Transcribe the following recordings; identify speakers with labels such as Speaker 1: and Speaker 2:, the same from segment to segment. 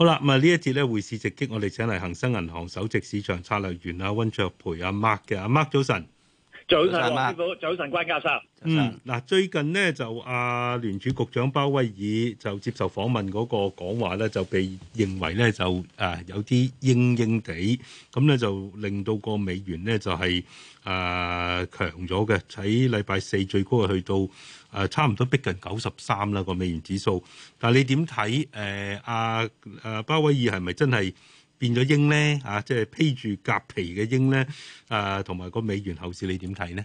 Speaker 1: 好啦，咁啊呢一節咧匯市直擊，我哋請嚟恒生銀行首席市場策略員阿溫灼培阿 Mark 嘅，阿 Mark 早晨，
Speaker 2: 早晨安早晨關教
Speaker 1: 授。ー安嗯，嗱最近呢，就阿聯儲局長鮑威爾就接受訪問嗰個講話咧就被認為咧就誒、啊、有啲鷹鷹哋，咁咧就令到個美元咧就係誒強咗嘅，喺禮拜四最高係去到。誒差唔多逼近九十三啦，個美元指數，但係你點睇誒阿阿鮑威爾係咪真係變咗鷹咧？啊，即係披住鴿皮嘅鷹咧？啊，同埋個美元後市你點睇咧？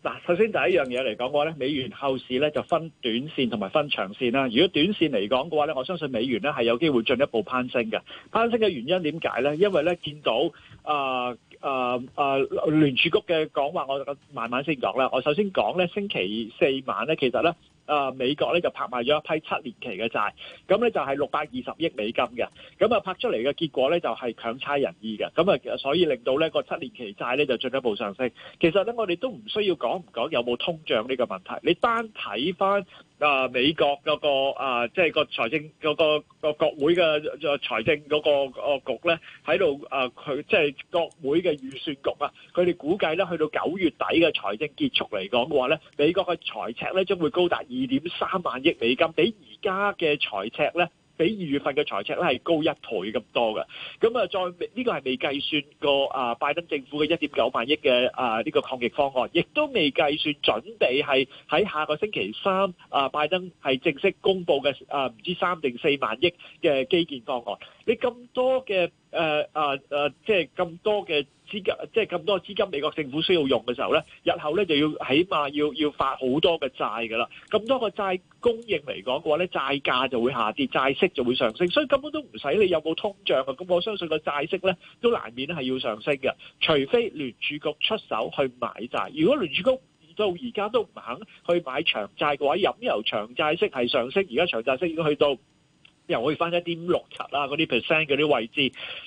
Speaker 2: 嗱，首先第一樣嘢嚟講嘅話咧，美元後市咧就分短線同埋分長線啦。如果短線嚟講嘅話咧，我相信美元咧係有機會進一步攀升嘅。攀升嘅原因點解咧？因為咧見到啊。啊啊聯儲局嘅講話，我慢慢先講啦。我首先講咧，星期四晚咧，其實咧，啊、呃、美國咧就拍賣咗一批七年期嘅債，咁咧就係六百二十億美金嘅，咁啊拍出嚟嘅結果咧就係強差人意嘅，咁啊所以令到咧個七年期債咧就進一步上升。其實咧我哋都唔需要講唔講有冇通脹呢個問題，你單睇返。啊、呃、美國嗰、嗰個即係、呃即係、個財政嗰個個國會嘅財政嗰、嗰個局咧，喺度啊，佢即係國會嘅預算局啊，佢哋估計咧，去到九月底嘅財政結束嚟講嘅話咧，美國嘅財赤咧將會高達二點三萬億美金，比而家嘅財赤咧。比二月份嘅財赤咧係高一倍咁多嘅，咁、嗯這個、啊再呢個係未計算過啊拜登政府嘅一點九萬億嘅啊呢、這個抗疫方案，亦都未計算準備係喺下個星期三啊拜登係正式公布嘅啊唔知三定四萬億嘅基建方案。你咁多嘅誒啊誒，即係咁多嘅資金，即係咁多資金，美國政府需要用嘅時候咧，日後咧就要起碼要要發好多嘅債㗎喇。咁多個債供應嚟講嘅話咧，債價就會下跌，債息就會上升。所以根本都唔使你有冇通脹啊！咁我相信個債息咧都難免係要上升嘅，除非聯儲局出手去買債。如果聯儲局到而家都唔肯去買長債嘅話，引導長債息係上升，而家長債息已經去到。又可以翻一啲六七啦，嗰啲 percent 嗰啲位置，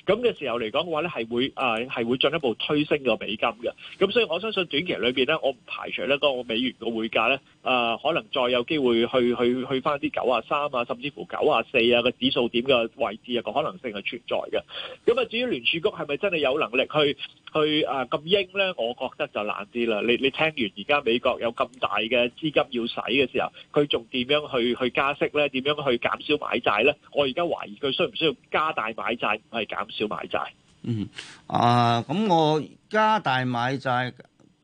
Speaker 2: 咁嘅時候嚟講嘅話咧，係會誒，係會進一步推升個美金嘅，咁所以我相信短期裏邊咧，我唔排除咧嗰個美元個匯價咧。誒、呃，可能再有機會去去去翻啲九啊、三啊，甚至乎九啊四啊個指數點嘅位置個可能性係存在嘅。咁、嗯、啊，至於聯儲局係咪真係有能力去去誒咁鷹咧？我覺得就難啲啦。你你聽完而家美國有咁大嘅資金要使嘅時候，佢仲點樣去去加息咧？點樣去減少買債咧？我而家懷疑佢需唔需要加大買債，唔係減少買債。
Speaker 3: 嗯啊，咁、呃、我加大買債，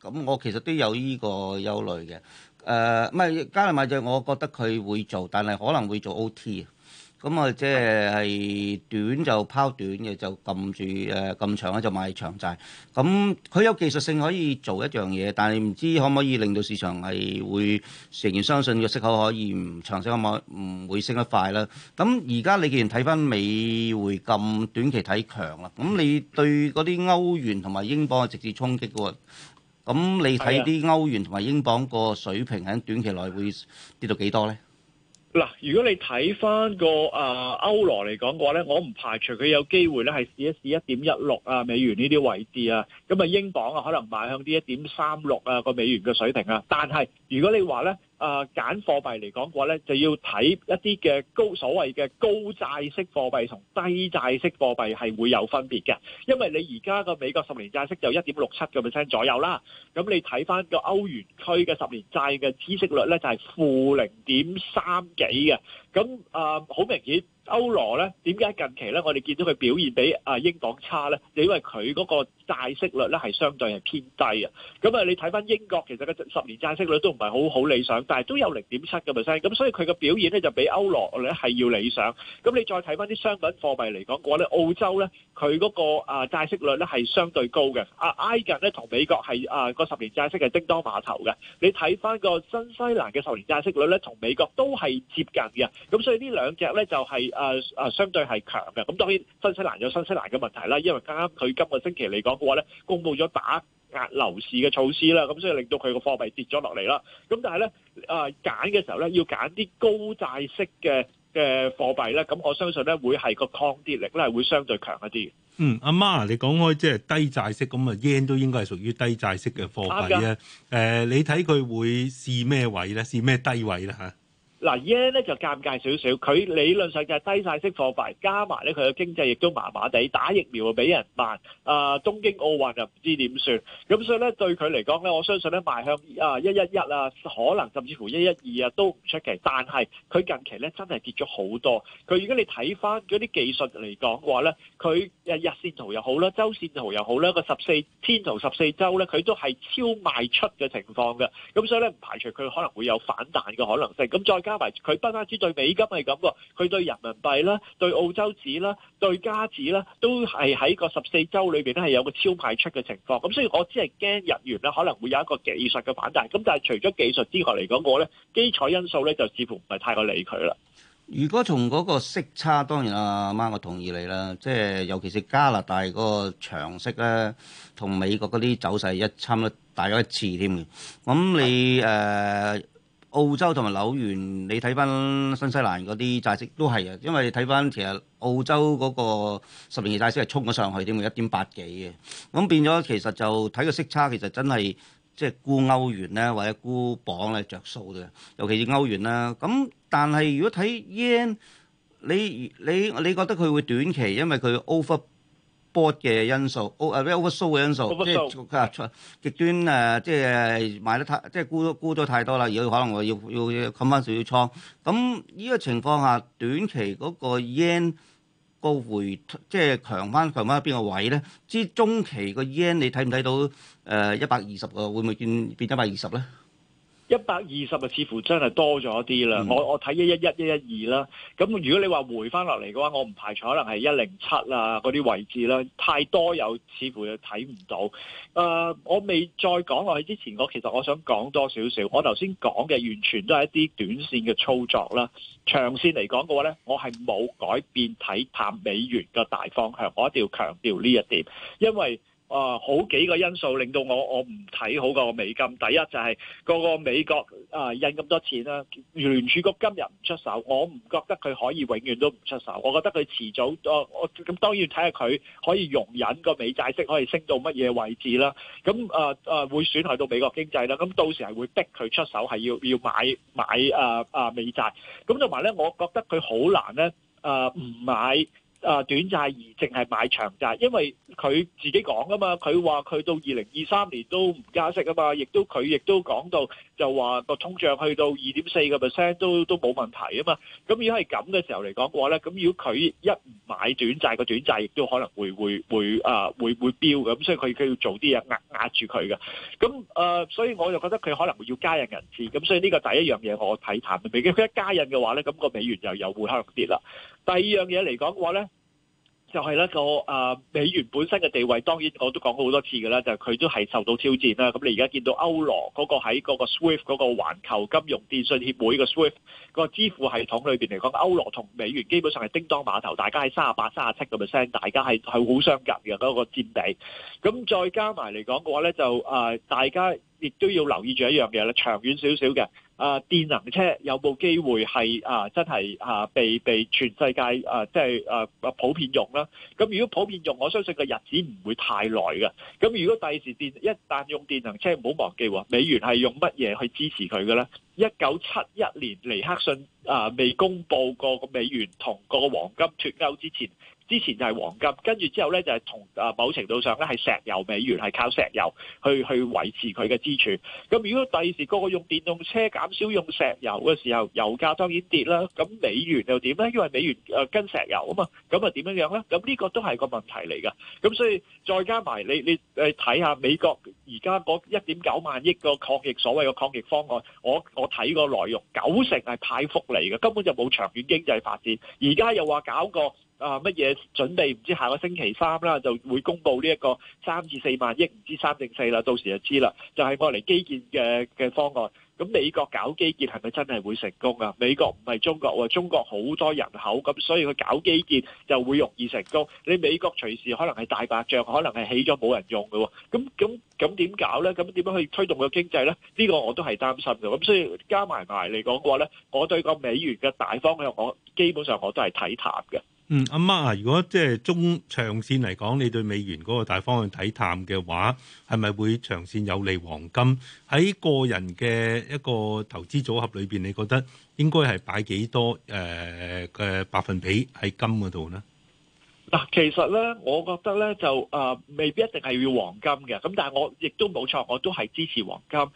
Speaker 3: 咁我其實都有呢個憂慮嘅。誒唔係加勒麥債，呃、我覺得佢會做，但係可能會做 OT 啊。咁啊，即係係短就拋短嘅，就撳住誒撳長咧就買長債。咁佢有技術性可以做一樣嘢，但係唔知可唔可以令到市場係會成員相信個息口可以唔長息可唔可唔會升得快咧？咁而家你既然睇返美匯咁短期睇強啦，咁你對嗰啲歐元同埋英鎊係直接衝擊嘅喎。咁你睇啲歐元同埋英鎊個水平喺短期內會跌到幾多呢？
Speaker 2: 嗱，如果你睇翻個啊歐羅嚟講嘅話咧，我唔排除佢有機會咧係試一試一點一六啊美元呢啲位置啊，咁啊英鎊啊可能邁向啲一點三六啊個美元嘅水平啊，但係如果你話咧。誒揀、呃、貨幣嚟講嘅話咧，就要睇一啲嘅高所謂嘅高債息貨幣同低債息貨幣係會有分別嘅，因為你而家個美國十年債息就一點六七個 percent 左右啦，咁你睇翻個歐元區嘅十年債嘅孳息率咧就係負零點三幾嘅，咁啊好明顯歐羅咧點解近期咧我哋見到佢表現比啊英鎊差咧？你、就係、因為佢嗰、嗰個。債息率咧係相對係偏低嘅，咁啊你睇翻英國其實個十年債息率都唔係好好理想，但係都有零點七嘅 percent，咁所以佢嘅表現咧就比歐羅咧係要理想。咁你再睇翻啲商品貨幣嚟講嘅話咧，澳洲咧佢嗰個啊債息率咧係相對高嘅，啊，埃及咧同美國係啊個十年債息係叮噹馬頭嘅。你睇翻個新西蘭嘅十年債息率咧，同美國都係接近嘅，咁所以呢兩隻咧就係、是、啊啊相對係強嘅。咁當然新西蘭有新西蘭嘅問題啦，因為啱啱佢今個星期嚟講。嘅咧，公布咗打壓樓市嘅措施啦，咁所以令到佢個貨幣跌咗落嚟啦。咁但係咧，啊揀嘅時候咧，要揀啲高債息嘅嘅貨幣咧，咁我相信咧會係個抗跌力咧，會相對強一啲。嗯，
Speaker 1: 阿媽你講開即係低債息咁啊 yen 都應該係屬於低債息嘅貨幣啊。誒的、呃，你睇佢會試咩位咧？試咩低位啦？嚇？
Speaker 2: 嗱，耶咧就尷尬少少，佢理論上就係低晒息貨幣，加埋咧佢嘅經濟亦都麻麻地，打疫苗又俾人慢，啊、呃，東京奧運又唔知點算，咁所以咧對佢嚟講咧，我相信咧邁向啊一一一啊，可能甚至乎一一二啊都唔出奇，但係佢近期咧真係跌咗好多，佢如果你睇翻嗰啲技術嚟講嘅話咧，佢日日線圖又好啦，周線圖又好啦，個十四天圖十四週咧，佢都係超賣出嘅情況嘅，咁所以咧唔排除佢可能會有反彈嘅可能性，咁再。加埋佢不單止對美金係咁喎，佢對人民幣啦、對澳洲紙啦、對加紙啦，都係喺個十四週裏邊都係有個超賣出嘅情況。咁所以我只係驚日元咧可能會有一個技術嘅反彈。咁但係除咗技術之外嚟講，我咧基礎因素咧就似乎唔係太過理佢啦。
Speaker 3: 如果從嗰個息差，當然阿媽，我同意你啦。即係尤其是加拿大個長息咧，同美國嗰啲走勢一差唔多，大咗一次添嘅。咁你誒？澳洲同埋紐元，你睇返新西蘭嗰啲債息都係啊，因為睇返其實澳洲嗰個十年期債息係衝咗上去，點會一點八幾嘅？咁變咗其實就睇個息差，其實真係即係沽歐元咧，或者沽磅咧着數嘅，尤其是歐元啦。咁但係如果睇 yen，你你你覺得佢會短期，因為佢 over。波嘅因，因素，啊 oversold 嘅因素，即係極端誒，即係買得太，即係沽沽咗太多啦，而家可能我要要冚翻少少倉，咁呢個情況下，短期嗰個 yen 個回，即係強翻強翻喺邊個位咧？即中期個 yen，你睇唔睇到誒一百二十個，會唔會變變一百二十咧？
Speaker 2: 一百二十啊，似乎真係多咗啲、嗯、11啦。我我睇一一一一一二啦。咁如果你話回翻落嚟嘅話，我唔排除可能係一零七啊嗰啲位置啦。太多又似乎又睇唔到。誒、呃，我未再講落去之前，我其實我想講多少少。我頭先講嘅完全都係一啲短綫嘅操作啦。長綫嚟講嘅話咧，我係冇改變睇淡美元嘅大方向。我一定要強調呢一點，因為。啊、呃，好幾個因素令到我我唔睇好個美金。第一就係、係、個、個美國啊、呃、印咁多錢啦、啊，聯儲局今日唔出手，我唔覺得佢可以永遠都唔出手。我覺得佢遲早，我我咁當然睇下佢可以容忍個美債息可以升到乜嘢位置啦。咁啊啊會損害到美國經濟啦。咁到時係會逼佢出手，係要要買買啊啊、呃、美債。咁同埋咧，我覺得佢好難咧啊唔買。啊，短債而淨係買長債，因為佢自己講噶嘛，佢話佢到二零二三年都唔加息啊嘛，亦都佢亦都講到就話個通脹去到二點四個 percent 都都冇問題啊嘛，咁如果係咁嘅時候嚟講嘅話咧，咁如果佢一唔買短債，個短債亦都可能會會會啊會會飆嘅，咁所以佢佢要做啲嘢壓壓住佢嘅，咁誒，所以我就覺得佢可能會要加印銀紙，咁所以呢個第一樣嘢我睇淡未如佢一加印嘅話咧，咁個美元又又會向啲啦。第二樣嘢嚟講嘅話咧，就係、是、一、那個啊、呃、美元本身嘅地位，當然我都講好多次嘅啦，就佢、是、都係受到挑戰啦。咁你而家見到歐羅嗰個喺嗰個 SWIFT 嗰個環球金融電訊協會嘅 SWIFT 個支付系統裏邊嚟講，歐羅同美元基本上係叮噹碼頭，大家係三十八、三十七個 percent，大家係係好相近嘅嗰、那個佔比。咁再加埋嚟講嘅話咧，就啊、呃、大家亦都要留意住一樣嘢咧，長遠少少嘅。啊！電能車有冇機會係啊？真係啊，被被全世界啊，即係啊普遍用啦。咁如果普遍用，我相信個日子唔會太耐嘅。咁如果第時電一旦用電能車，唔好忘記，美元係用乜嘢去支持佢嘅咧？一九七一年尼克遜啊，未公布過個美元同個黃金脫鈎之前。之前就係黃金，跟住之後咧就係同啊某程度上咧係石油美元係靠石油去去維持佢嘅支柱。咁如果第二時嗰個個用電動車減少用石油嘅時候，油價當然跌啦。咁美元又點咧？因為美元誒跟石油啊嘛，咁啊點樣樣咧？咁呢個都係個問題嚟㗎。咁所以再加埋你你誒睇下美國而家嗰一點九萬億個抗疫所謂嘅抗疫方案，我我睇個內容九成係派福利嘅，根本就冇長遠經濟發展。而家又話搞個。啊乜嘢準備？唔知下個星期三啦，就會公布呢一個三至四萬億，唔知三定四啦，到時就知啦。就係過嚟基建嘅嘅方案。咁美國搞基建係咪真係會成功啊？美國唔係中國喎，中國好多人口，咁所以佢搞基建就會容易成功。你美國隨時可能係大白象，可能係起咗冇人用嘅喎。咁咁咁點搞咧？咁點樣去推動個經濟咧？呢個我都係擔心。咁所以加埋埋嚟講嘅話咧，我對個美元嘅大方向，我基本上我都係睇淡嘅。
Speaker 1: 嗯，阿媽啊，如果即係中長線嚟講，你對美元嗰個大方向睇淡嘅話，係咪會長線有利黃金？喺個人嘅一個投資組合裏邊，你覺得應該係擺幾多誒嘅、呃、百分比喺金嗰度呢？
Speaker 2: 嗱，其實咧，我覺得咧就啊、呃，未必一定係要黃金嘅。咁但係我亦都冇錯，我都係支持黃金。咁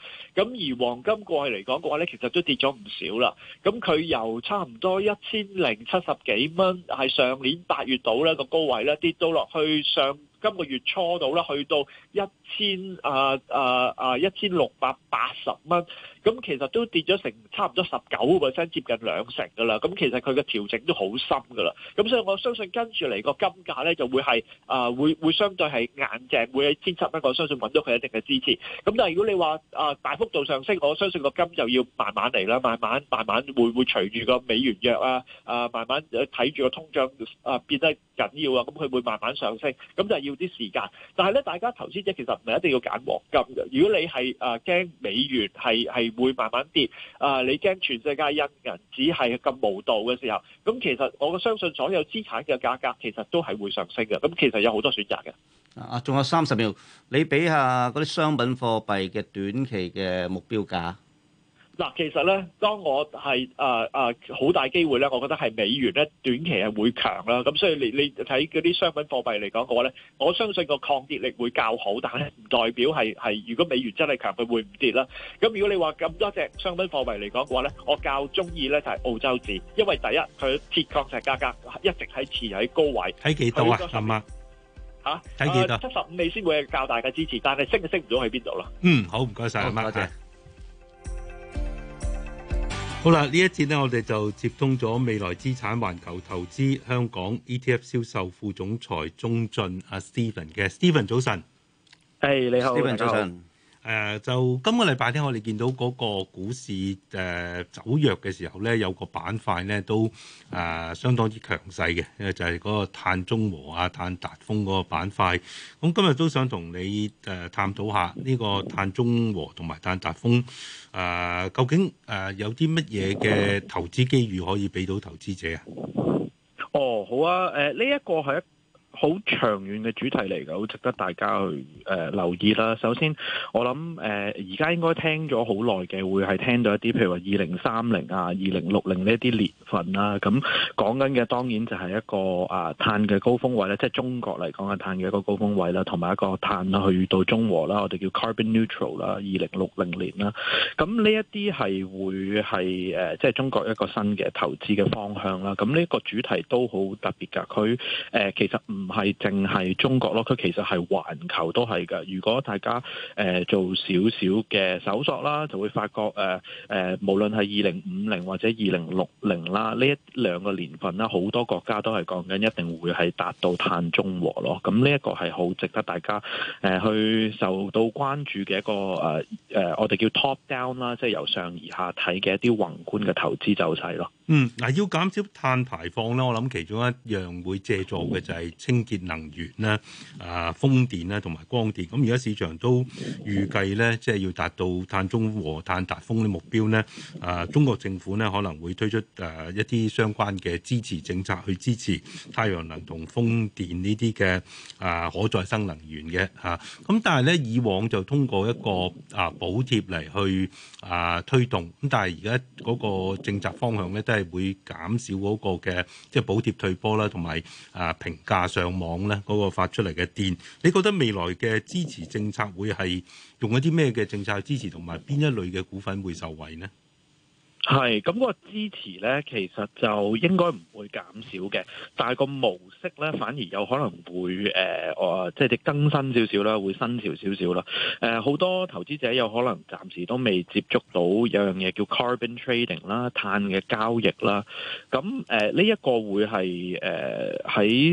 Speaker 2: 而黃金過去嚟講嘅話咧，其實都跌咗唔少啦。咁佢由差唔多一千零七十幾蚊，係上年八月度咧個高位咧，跌到落去上今個月初度啦，去到一千啊啊啊一千六百八十蚊。1, 咁其實都跌咗成差唔多十九個 percent，接近兩成㗎啦。咁其實佢嘅調整都好深㗎啦。咁所以我相信跟住嚟個金價咧就會係啊、呃、會會相對係硬淨，會喺千七蚊。我相信揾到佢一定嘅支持。咁但係如果你話啊、呃、大幅度上升，我相信個金就要慢慢嚟啦，慢慢慢慢會會隨住個美元弱啊啊慢慢睇住個通脹啊變得緊要啊，咁佢會慢慢上升。咁就係要啲時間。但係咧，大家投資者其實唔係一定要揀黃金㗎。如果你係啊驚美元係係。會慢慢跌啊，你驚全世界印銀紙係咁無道嘅時候，咁其實我相信所有資產嘅價格其實都係會上升嘅。咁其實有好多選擇嘅。
Speaker 3: 啊，仲有三十秒，你俾下嗰啲商品貨幣嘅短期嘅目標價。
Speaker 2: 嗱，其實咧，當我係啊啊好大機會咧，我覺得係美元咧短期係會強啦。咁所以你你睇嗰啲商品貨幣嚟講嘅話咧，我相信個抗跌力會較好，但係唔代表係係，如果美元真係強，佢會唔跌啦。咁如果你話咁多隻商品貨幣嚟講嘅話咧，我較中意咧就係、是、澳洲紙，因為第一佢鐵礦石價格一直喺持喺高位，喺幾多啊？阿 Mark 睇幾多七十五，你先、啊啊、會係較大嘅支持，但係升升唔到喺邊度啦。
Speaker 1: 嗯，好唔該晒。多謝好啦，這一呢一次咧，我哋就接通咗未來資產環球投資香港 ETF 銷售副總裁鍾駿阿、啊、Stephen 嘅 Stephen 早晨，
Speaker 2: 誒、hey, 你好 Stephen 早晨。
Speaker 1: 誒、呃，就今個禮拜咧，我哋見到嗰個股市誒、呃、走弱嘅時候咧，有個板塊咧都誒、呃、相當之強勢嘅，就係、是、嗰個碳中和啊、碳達峰嗰個板塊。咁、嗯、今日都想同你誒、呃、探討下呢個碳中和同埋碳達峰誒、呃，究竟誒、呃、有啲乜嘢嘅投資機遇可以俾到投資者
Speaker 2: 啊？哦，好啊，誒、呃，呢一個係。好長遠嘅主題嚟嘅，好值得大家去誒留意啦。首先，我諗誒而家應該聽咗好耐嘅，會係聽到一啲譬如話二零三零啊、二零六零呢一啲年份啦、啊。咁講緊嘅當然就係一個啊碳嘅高峰位咧，即係中國嚟講嘅碳嘅一個高峰位啦，同埋一個碳去到中和啦，我哋叫 carbon neutral 啦，二零六零年啦。咁呢一啲係會係誒、呃、即係中國一個新嘅投資嘅方向啦。咁、嗯、呢、這個主題都好特別㗎，佢誒、呃、其實唔。唔係淨係中國咯佢其實係環球都係嘅。如果大家誒做少少嘅搜索啦，就會發覺誒誒無論係二零五零或者二零六零啦，呢一兩個年份啦，好多國家都係講緊一定會係達到碳中和咯咁呢一個係好值得大家誒去受到關注嘅一個誒誒我哋叫 top down 啦，即係由上而下睇嘅一啲宏觀嘅投資走勢咯嗯，
Speaker 1: 嗱，要減少碳排放咧，我諗其中一樣會借助嘅就係、是。清潔能源啦啊，風電啦同埋光電。咁而家市場都預計咧，即係要達到碳中和、碳達峰嘅目標咧。啊，中國政府咧可能會推出誒一啲相關嘅支持政策去支持太陽能同風電呢啲嘅啊可再生能源嘅吓。咁但係咧以往就通過一個啊補貼嚟去啊推動。咁但係而家嗰個政策方向咧都係會減少嗰個嘅即係補貼退坡啦，同埋啊平價上。上網咧，嗰個發出嚟嘅電，你覺得未來嘅支持政策會係用一啲咩嘅政策支持，同埋邊一類嘅股份會受惠呢？
Speaker 2: 係咁，嗰個支持咧，其實就應該唔會減少嘅，但係個模式咧，反而有可能會誒，哦、呃，即係更新少少啦，會新潮少少啦。誒、呃，好多投資者有可能暫時都未接觸到有樣嘢叫 carbon trading 啦，碳嘅交易啦。咁誒，呢、呃、一、這個會係誒喺。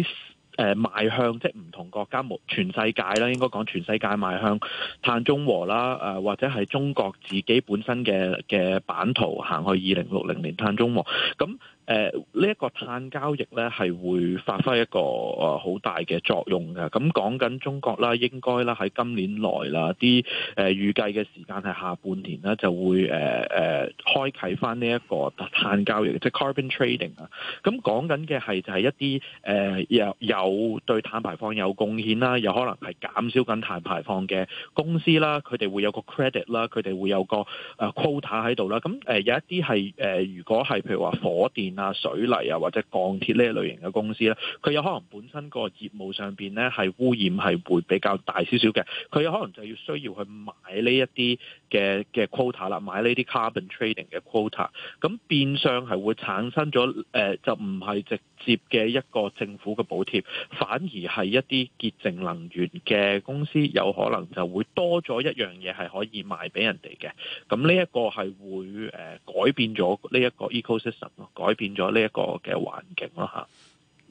Speaker 2: 呃誒邁、呃、向即係唔同國家，冇全世界啦，應該講全世界邁向碳中和啦，誒、呃、或者係中國自己本身嘅嘅版圖行去二零六零年碳中和咁，嗯誒呢一個碳交易咧係會發揮一個誒好、呃、大嘅作用嘅。咁講緊中國啦，應該啦喺今年內啦，啲誒預計嘅時間係下半年啦，就會誒誒、呃呃、開啓翻呢一個碳交易，即係 carbon trading 啊、嗯。咁講緊嘅係就係一啲誒、呃、有有對碳排放有貢獻啦，有可能係減少緊碳排放嘅公司啦，佢哋會有個 credit 啦，佢哋會有個誒 quota 喺度啦。咁、嗯、誒、呃、有一啲係誒如果係譬如話火電。啊，水泥啊，或者鋼鐵呢一類型嘅公司咧，佢有可能本身個業務上邊咧係污染係會比較大少少嘅，佢有可能就要需要去買呢一啲嘅嘅 quota 啦，quota，買呢啲 carbon trading 嘅 quota，咁變相係會產生咗誒、呃，就唔係直接嘅一個政府嘅補貼，反而係一啲潔淨能源嘅公司有可能就會多咗一樣嘢係可以賣俾人哋嘅，咁呢一個係會誒改變咗呢一個 ecosystem 咯，改變咗呢一個嘅環境咯嚇。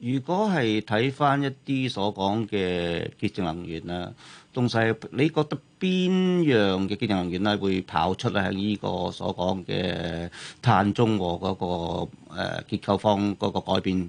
Speaker 3: 如果係睇翻一啲所講嘅潔淨能源啊，東西，你覺得邊樣嘅潔淨能源咧，會跑出喺呢個所講嘅碳中和嗰個誒結構方嗰個改變？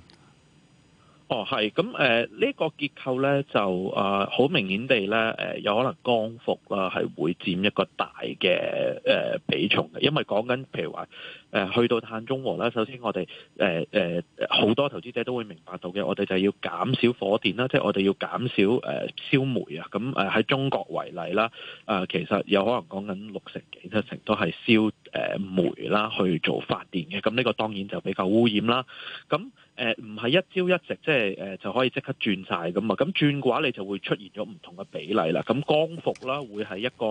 Speaker 2: 哦，係咁，誒，呢、嗯，這個結構咧就啊，好、呃、明顯地咧，誒、呃，有可能光伏啦，係會佔一個大嘅誒、呃、比重嘅。因為講緊譬如話，誒、呃、去到碳中和啦，首先我哋誒誒好多投資者都會明白到嘅，我哋就要減少火電啦，即係我哋要減少誒、呃、燒煤啊。咁誒喺中國為例啦，啊、呃，其實有可能講緊六成幾七成都係燒誒煤啦去做發電嘅。咁、嗯、呢、這個當然就比較污染啦。咁誒唔係一朝一夕，即係誒、呃、就可以即刻轉晒。咁啊！咁轉嘅話，你就會出現咗唔同嘅比例啦。咁光伏啦，會係一個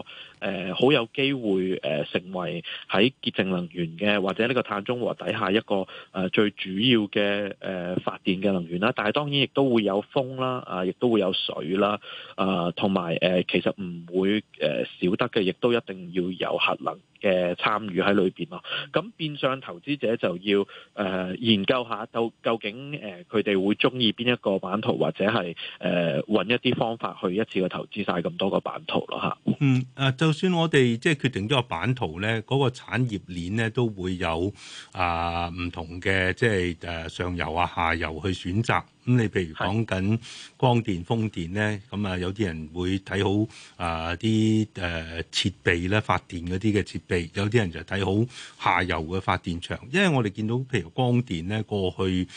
Speaker 2: 誒好、呃、有機會誒成為喺潔淨能源嘅，或者呢個碳中和底下一個誒、呃、最主要嘅誒、呃、發電嘅能源啦。但係當然亦都會有風啦，啊、呃，亦都會有水啦，啊、呃，同埋誒其實唔會誒、呃、少得嘅，亦都一定要有核能。嘅參與喺裏邊咯，咁變相投資者就要誒、呃、研究下，就究竟誒佢哋會中意邊一個版圖，或者係誒揾一啲方法去一次去投資晒咁多個版圖咯嚇。嗯，
Speaker 1: 啊，就算我哋即係決定咗個版圖咧，嗰、那個產業鏈咧都會有啊唔、呃、同嘅即係誒、呃、上游啊下游去選擇。咁你譬如講緊光電、風電咧，咁啊有啲人會睇好啊啲誒設備咧，發電嗰啲嘅設備；有啲人就睇好下游嘅發電場，因為我哋見到譬如光電咧過去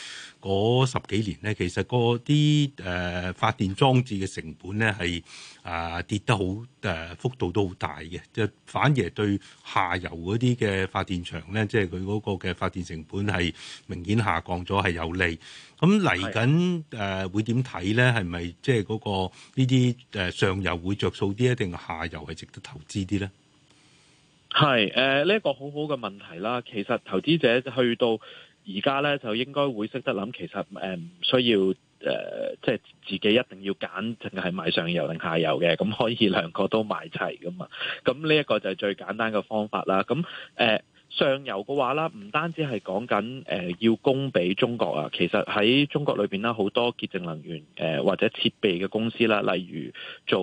Speaker 1: 嗰十幾年咧，其實嗰啲誒發電裝置嘅成本咧係啊跌得好誒、呃、幅度都好大嘅，即係反而對下游嗰啲嘅發電場咧，即係佢嗰個嘅發電成本係明顯下降咗係有利。咁嚟緊誒會點睇咧？係咪即係嗰個呢啲誒上游會着數啲，定下游係值得投資啲咧？
Speaker 2: 係誒呢一個好好嘅問題啦。其實投資者去到而家咧就應該會識得諗，其實誒唔、嗯、需要誒、呃，即係自己一定要揀，淨係買上游定下游嘅，咁、嗯、可以兩個都買齊㗎嘛。咁呢一個就係最簡單嘅方法啦。咁、嗯、誒。呃上游嘅話啦，唔單止係講緊誒要供俾中國啊，其實喺中國裏邊啦，好多潔淨能源誒或者設備嘅公司啦，例如做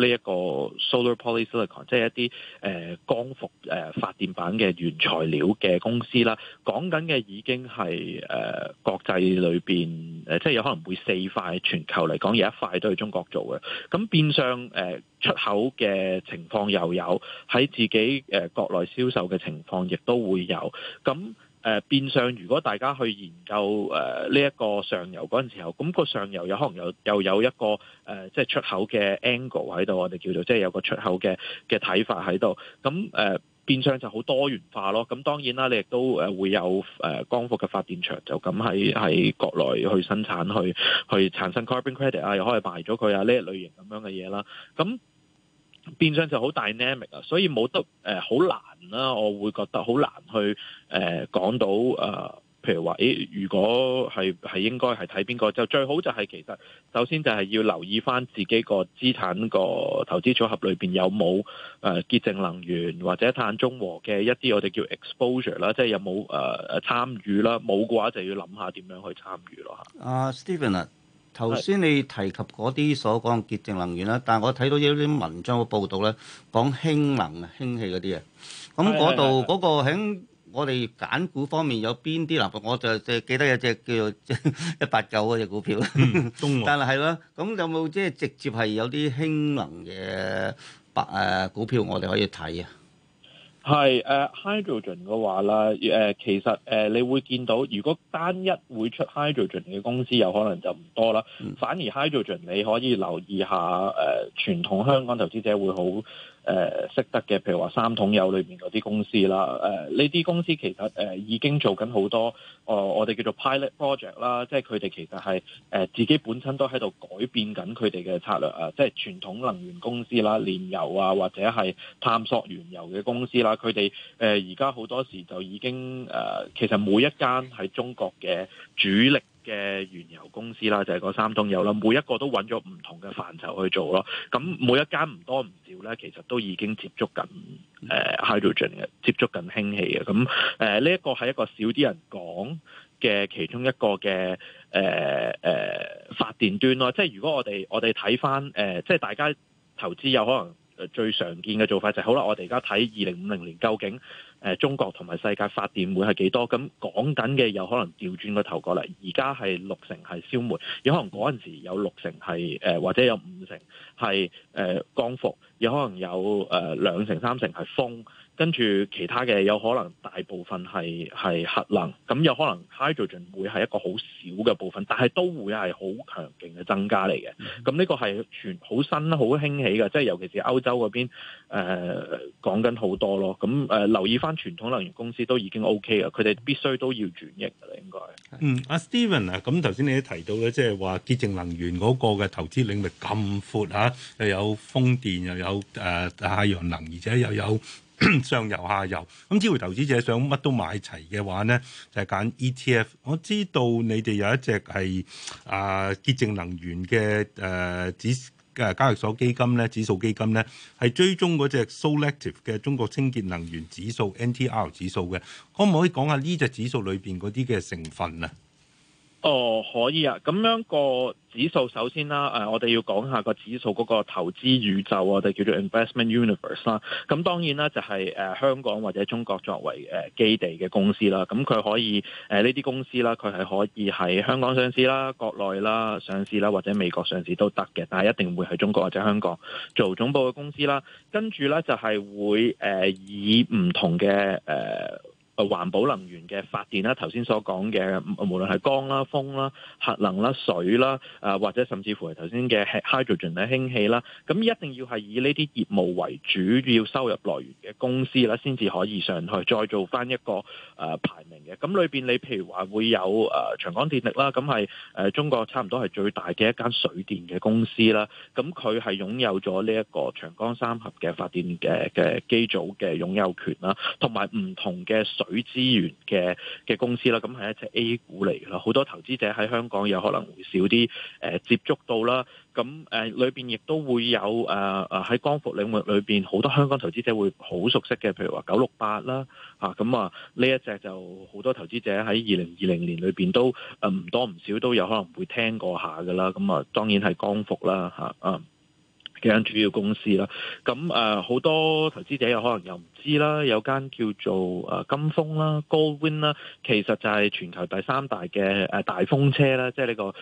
Speaker 2: 呢一個 solar polysilicon，即係一啲誒光伏誒發電板嘅原材料嘅公司啦，講緊嘅已經係誒國際裏邊誒，即係有可能會四塊全球嚟講，有一塊都係中國做嘅，咁變相誒。出口嘅情況又有喺自己誒、呃、國內銷售嘅情況，亦都會有。咁誒、呃、變相，如果大家去研究誒呢一個上游嗰陣時候，咁個上游有可能又又有一個誒、呃、即係出口嘅 angle 喺度，我哋叫做即係有個出口嘅嘅睇法喺度。咁誒。呃變相就好多元化咯，咁當然啦，你亦都誒會有誒、呃、光伏嘅發電場，就咁喺喺國內去生產，去去產生 carbon credit 啊，又可以賣咗佢啊，呢一類型咁樣嘅嘢啦，咁變相就好 dynamic 啊，所以冇得誒好、呃、難啦，我會覺得好難去誒、呃、講到啊。呃譬如話，誒、欸，如果係係應該係睇邊個就最好就係其實首先就係要留意返自己個資產個投資組合裏邊有冇誒、呃、潔淨能源或者碳中和嘅一啲我哋叫 exposure 啦，即係有冇誒參與啦，冇嘅話就要諗下點樣去參與咯嚇。阿、
Speaker 3: uh, Stephen 啊，頭先你提及嗰啲所講嘅潔淨能源啦，是但我睇到有啲文章嘅報道咧，講氫能、氫氣嗰啲嘢咁嗰度嗰個喺。我哋揀股方面有邊啲？嗱，我就就記得有隻叫做一八九嗰隻股票、嗯，中但係係咯，咁有冇即係直接係有啲氫能嘅白誒股票，我哋可以睇啊？係誒、呃、hydrogen
Speaker 2: 嘅話啦，誒、呃、其實誒、呃、你會見到，如果單一會出 hydrogen 嘅公司有可能就唔多啦，嗯、反而 hydrogen 你可以留意下誒、呃、傳統香港投資者會好。誒、呃、識得嘅，譬如話三桶油裏面嗰啲公司啦，誒呢啲公司其實誒、呃、已經做緊好多，呃、我我哋叫做 pilot project 啦，即係佢哋其實係誒、呃、自己本身都喺度改變緊佢哋嘅策略啊，即係傳統能源公司啦、煉油啊或者係探索原油嘅公司啦，佢哋誒而家好多時就已經誒、呃，其實每一間喺中國嘅主力。嘅原油公司啦，就係、是、嗰三桶油啦，每一個都揾咗唔同嘅範疇去做咯。咁每一間唔多唔少呢，其實都已經接觸緊誒、呃、hydrogen 嘅，接觸緊氫氣嘅。咁誒呢一個係一個少啲人講嘅其中一個嘅誒誒發電端咯。即係如果我哋我哋睇返誒，即係大家投資有可能。最常見嘅做法就係、是、好啦，我哋而家睇二零五零年究竟誒、呃、中國同埋世界發電會係幾多？咁講緊嘅有可能調轉個頭過嚟，而家係六成係燒煤，有可能嗰陣時有六成係誒、呃，或者有五成係誒光伏，有、呃、可能有誒兩、呃、成三成係風。跟住其他嘅有可能大部分係係核能，咁有可能 hydrogen 會係一個好少嘅部分，但係都會係好強勁嘅增加嚟嘅。咁呢個係全好新好興起嘅，即係尤其是歐洲嗰邊誒講緊好多咯。咁、呃、誒留意翻傳統能源公司都已經 OK 嘅，佢哋必須都要轉型嘅啦，應該。嗯，阿是
Speaker 1: 的 Steven 啊，咁頭先你都提到咧，即係話潔淨能源嗰個嘅投資領域咁闊吓，又有風電又有誒、呃、太陽能，而且又有。 上游下游咁，嗯，只要投資者想乜都買齊嘅話呢就係、是、揀 ETF。我知道你哋有一隻係啊潔淨能源嘅誒，啊，指誒，啊，交易所基金咧，指數基金咧係追蹤嗰隻 Solactive 嘅中國清潔能源指數 NTR 指數嘅，可唔可以講下呢隻指數裏邊嗰啲嘅成分啊？
Speaker 2: 哦，可以啊！咁樣個指數首先啦，誒、呃，我哋要講下個指數嗰個投資宇宙啊，就叫做 Investment Universe 啦、啊。咁、嗯、當然啦，就係、是、誒、呃、香港或者中國作為誒、呃、基地嘅公司啦。咁、啊、佢可以誒呢啲公司啦，佢係可以喺香港上市啦、國內啦、上市啦或者美國上市都得嘅。但係一定會喺中國或者香港做總部嘅公司啦。跟住咧就係、是、會誒、呃、以唔同嘅誒。呃誒環保能源嘅發電啦，頭先所講嘅無論係光啦、風啦、核能啦、水啦，誒、啊、或者甚至乎係頭先嘅 hydrogen 啊、氫氣啦，咁一定要係以呢啲業務為主要收入來源嘅公司啦，先至可以上去再做翻一個誒排名嘅。咁裏邊你譬如話會有誒長江電力啦，咁係誒中國差唔多係最大嘅一間水電嘅公司啦，咁佢係擁有咗呢一個長江三峽嘅發電嘅嘅機組嘅擁有權啦，同埋唔同嘅水。水資源嘅嘅公司啦，咁係一隻 A 股嚟咯，好多投資者喺香港有可能會少啲誒接觸到啦，咁誒裏邊亦都會有誒誒喺光伏領域裏邊，好多香港投資者會好熟悉嘅，譬如話九六八啦，啊咁啊呢一隻就好多投資者喺二零二零年裏邊都誒唔多唔少都有可能會聽過下㗎啦，咁啊當然係光伏啦嚇啊！幾間主要公司啦，咁誒好多投資者有可能又唔知啦，有間叫做誒金風啦、Goldwind 啦，其實就係全球第三大嘅誒大風車啦，即係呢個誒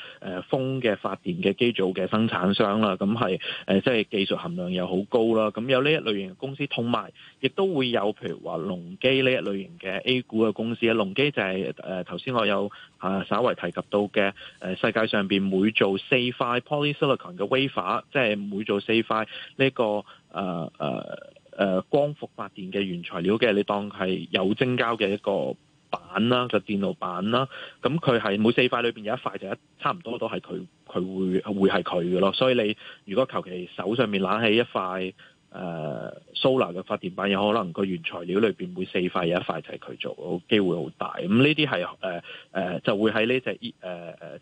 Speaker 2: 風嘅發電嘅機組嘅生產商啦，咁係誒即係技術含量又好高啦，咁有呢一類型嘅公司，同埋亦都會有譬如話龍基呢一類型嘅 A 股嘅公司啊，龍基就係誒頭先我有誒稍微提及到嘅誒、呃、世界上邊每做四塊 polysilicon 嘅 Wafer，即係每做。四塊呢、這個誒誒誒光伏發電嘅原材料嘅，你當係有晶膠嘅一個板啦，個、就是、電腦板啦，咁佢係每四塊裏邊有一塊就一差唔多都係佢佢會會係佢嘅咯，所以你如果求其手上面攬起一塊。誒、uh，solar 嘅發電板有可能個原材料裏邊每四塊有一塊就係佢做，機會好大。咁呢啲係誒誒，就會喺呢隻誒誒，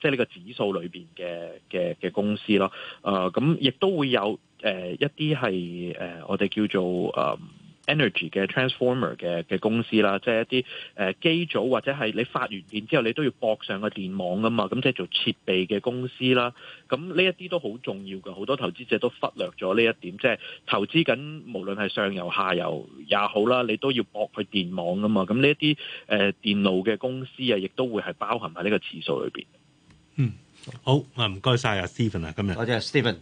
Speaker 2: 即係呢個指數裏邊嘅嘅嘅公司咯。誒、呃，咁、嗯、亦都會有誒一啲係誒，我哋叫做誒。呃 Energy 嘅 Transformer 嘅嘅公司啦，即係一啲誒、呃、機組或者係你發完電之後，你都要駁上個電網噶嘛，咁即係做設備嘅公司啦。咁呢一啲都好重要嘅，好多投資者都忽略咗呢一點，即係投資緊無論係上游下游也好啦，你都要駁佢電網噶嘛。咁呢一啲誒電路嘅公司啊，亦都會係包含喺呢個指數裏邊。
Speaker 3: 嗯，
Speaker 1: 好啊，唔該晒啊，Stephen 啊，今日多謝，多謝 Stephen。